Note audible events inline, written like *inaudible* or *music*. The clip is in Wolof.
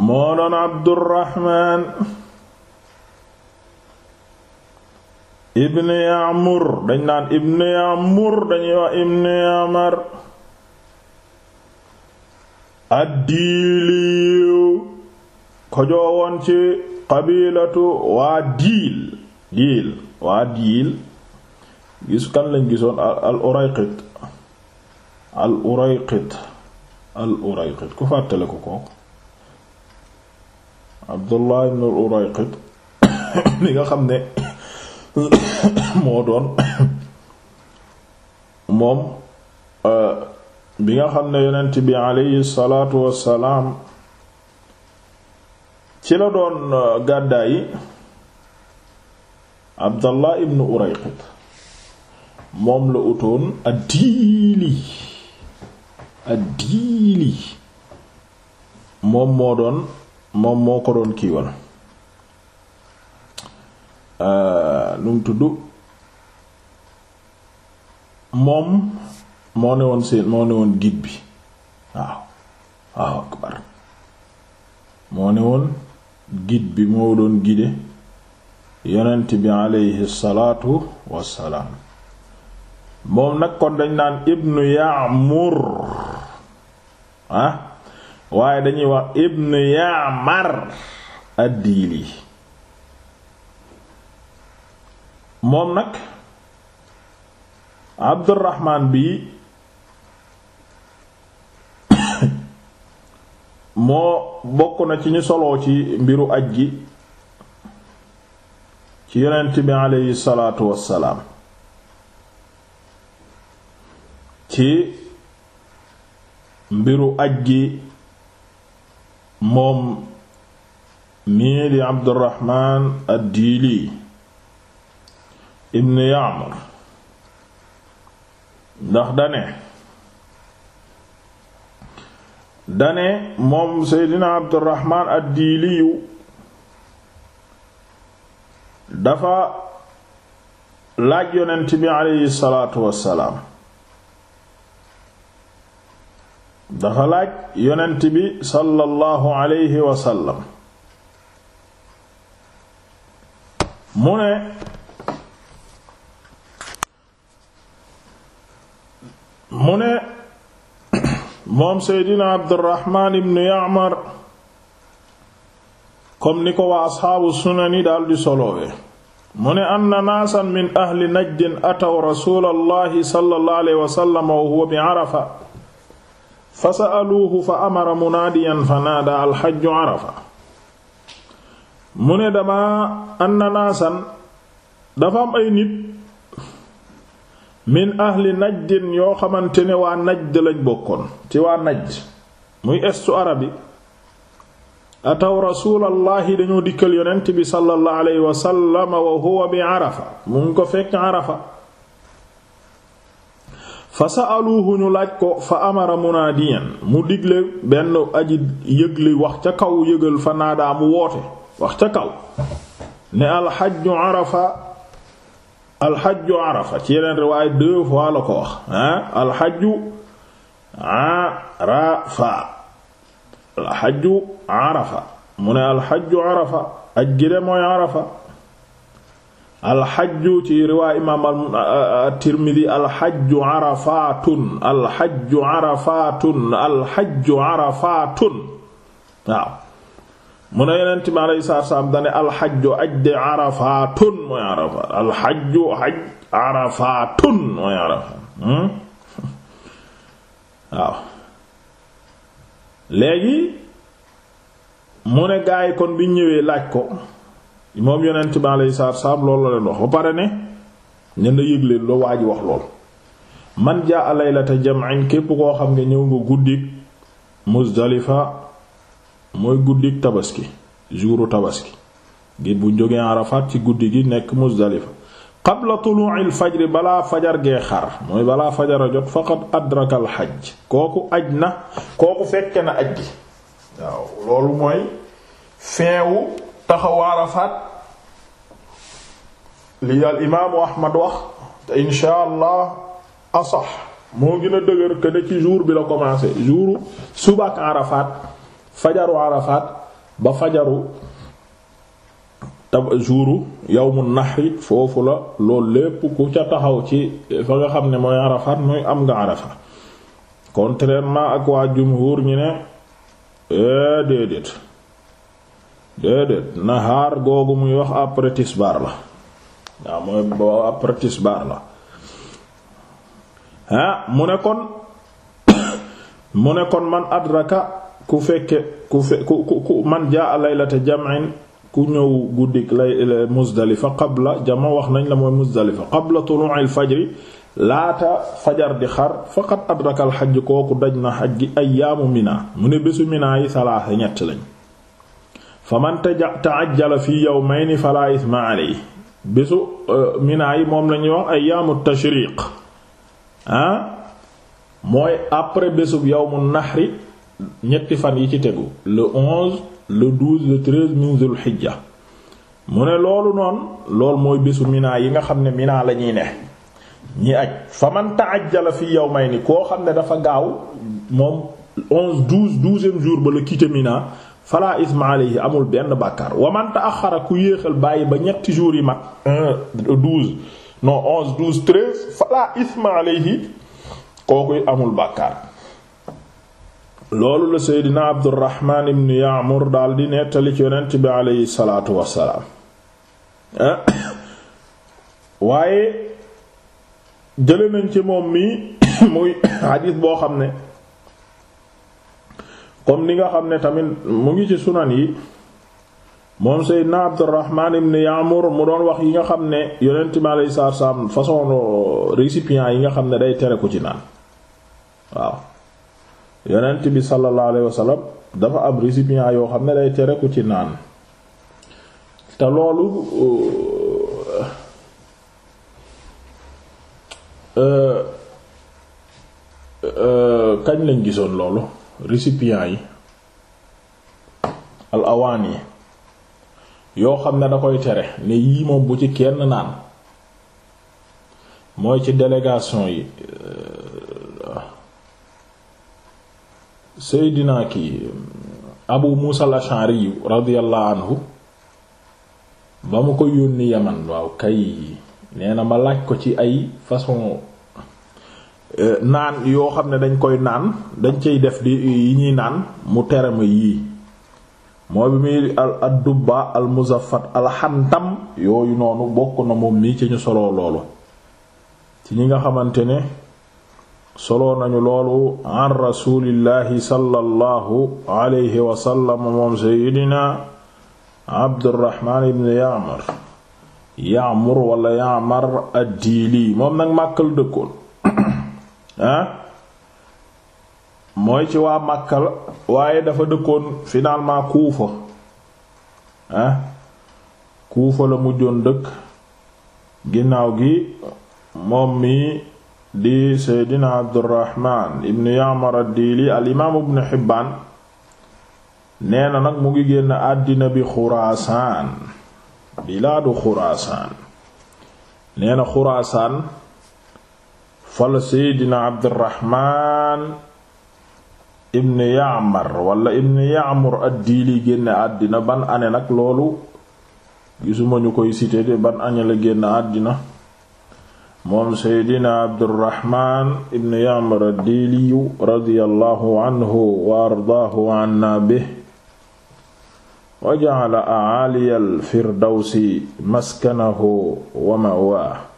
moo doon Abdurrahmaan ibn Ya'mur dañ naan ibn Ya'mur dañuy wax ibn Ya'mar addiiliyu ko joowoon ci qabilatu waa diil diil waa diil gis kan lañ gisoon al urayqit al urayqit al urayqit ku fàttale ko Abdullah ibn *coughs* nga xam ne *coughs* moo doon *coughs* euh, bi nga xam ne yonent ci la doon euh, gàddaayi Abdallah ibn Urayqit moom la utoon addiili addiili moom moo doon moom moo ko doon kiiwal lu euh, tudd moom moo ne woon seen moo ne woon guide bi waaw waaw akbar moo ne woon guide bi moo doon guider yonent bi aleyhi salaatu wassalaam moom nag kon dañ naan ibnu Ya'mur ah waaye dañuy wax ibn Ya'mar ad-Diili moom nag Abdurrahman bi *coughs* moo bokk na ci ñu soloo ci mbiru aj gi ci yonent bi aleyhi salaatu wassalaam ci mbiru aj gi moom mii di Abdurrahman ad-Diili ibn Ya'mar ndax dane dane moom Seydina Abdurrahman ad-Diiliyu dafa laaj yonent bi aleyhi salaatu wassalaam dafa laaj bi sallallahu alayhi wa sallam mu ne mu moom seydina abdurrahman ibnu yaamar comme ko waa asxaabu sunani daldi solowee mu ne anna min ahli najdin ataw rasuulallahi sallallahu alayhi wa wa huwa bi arafa fa sa'aluuhu fa amara munaadiyan fa naada alxajju arafa mu ne dama anna naasan dafa am ay nit min ahli najdin yoo xamante ne waa najd lañ bokkoon ci waa najd muy estu arabi ataw rasulallaahi dañoo dikkal yonent bi sallallahu alayhi wa wa huwa bi arafa mu ngi ko fekk arafa fa sa'aluhu ñu laaj ko fa amara munaadiyan mu digle benn aji yëgli wax ca kaw yëgal fa naadaa mu woote wax ca kaw ne alxajju arafa alxajju arafa mu ne alxajju arafa aj gi de mooy alxajju ci riwaay imaam at-Tirmidi uh, uh, alxajju arafaatun alxajju arafaatun alxajju arafaatun waaw mu ne yonent bi alayhi salaatu salaam dane alxajju aj de arafaatun mooy arafaat alxajju aj arafaatun mooy arafaat hmm? *laughs* waaw léegi gaay kon bi ñëwee laaj ko moom yeneen bi alayhi salaatu salaam loolu la leen wax ba pare ne ñen na yëg leen la waa ji wax lool man jaa laylata jam'in képp koo xam nga ñëw nga guddik Muzdalifa mooy guddik tabaski jouru tabaski ngir bu jógee Arafat ci guddi gi nekk Muzdalifa qabla tuluu'il fajri balaa fajar gee xar mooy balaa fajar a jot faqad adraka al kooku aj na kooku fekke na aj gi waaw loolu mooy feewu taxaw Arafat li al imaamu Ahmad wax te insha allah asax moo gën dëgër que ci jour bi la commencé jour suba ak fajaru Arafat ba fajaru tab jour yawmu nahri foofu la lool lépp ku ca taxaw ci fa nga xam ne mooy mooy am nga Arafat contrairement ak waa jumhur ñu ne eh, déedéet. déedéet nahaar googu muy wax après tisbaar la waaw mooy boo après tisbaar la ah mu ne kon *coughs* mu ne kon man adraka ku fekke ku fe ku ku man jaa laylata jam'in ku ñëw guddik lay Muzdalifa la jama wax nañ la mooy Muzdalifa qabla tulu'il fajri laata fajar di xar faqad adraka al hajj kooku daj na hajj ayyaamu Mina mu ne bésu Mina yi salaasa ñett lañ fa man ta'ajjala fi yawmayni fala ithma yi bésu euh, minaa yi moom lañuy wax ay ayyaamu tashriq ah mooy après bésu bésub yawmu nahri ñetti fan yi ci tegu le onze le douze le zul hijja mu ne loolu noonu loolu mooy bésu minaa yi nga xam ne minaa la ñuy ne ñi aj fa man ta'ajjala fi ni koo xam ne dafa gaaw moom onze douze douzième jour ba la quitté minaa fala isma alayhi amul benn bàkkaar wa man ta'akhkhara ku yéexal bàyyi ba ñetti jours yi mag un douze non onze douze amul bàkkaar loolu la seydina abdurrahman ibn ya'mur daal di nettali ci yonent bi aleyhi salaatu wassalaam waaye jële nañ ci moom mi *coughs* muy *coughs* hadith boo xam ne comme ni nga xam ne tamit mu ngi ci sunan yi moom Seydina Abdurrahman ibn Ya'mur mu doon wax yi nga xam ne yonent mi alayhi salaatu salaam façon récipient yi nga xam ne day tere ku ci naan waaw yonent bi sallallahu alayhi wa dafa am récipient yoo xam ne day tere ko ci naan te loolu euh, euh, euh, kañ lañ gisoon loolu récipient yi al awaan yi yoo xam ne da koy tere ne yii moom bu ci kenn naan mooy ci délégation yi euh, Seydina ki Abu Musa al-Ash'ari radiyallahu anhu ba mu ko yónni Yaman waaw kay nee ma laaj ko ci ay façon Euh, naan yoo xam ne dañ koy naan dañ cay def di yi ñuy naan mu tere ma yi moom bi muy al dubba al muzaffat al xantam yooyu noonu bokk na moom nii ci ñu solo loolu ci ñi nga xamante ne solo nañu loolu an rasulillahi sallallahu alayhi wa sallam moom seydina abdurrahman ibn ya'mar ya'mur wala ya'mar ad-diili moom nag màkkal dëkkoon mooy ci waa Makka la waaye dafa dëkkoon finalement Kuufa ah Kuufa la mujjoon dëkk ginnaaw gi moom mi di Seydina Abdurrahman ibn Ya'mar ad-Dili al imaam Ibn Hibbaan nee na nag mu ngi génn àddina bi Xuraasaan bilaadu Xuraasaan nee na Xuraasaan fala seydina abdirahman ibn yaamar wala ibn yaamur ad-diili génne àddina ban ane nag loolu gisuma ñu koy cité de ban ane la génne àddina moom seydina abdirahman ibn yaamar ad-diiliyu radiyallahu anhu wa ardaahu anna bihi wa ja'ala a'aaliya al-firdawsi maskanahu wa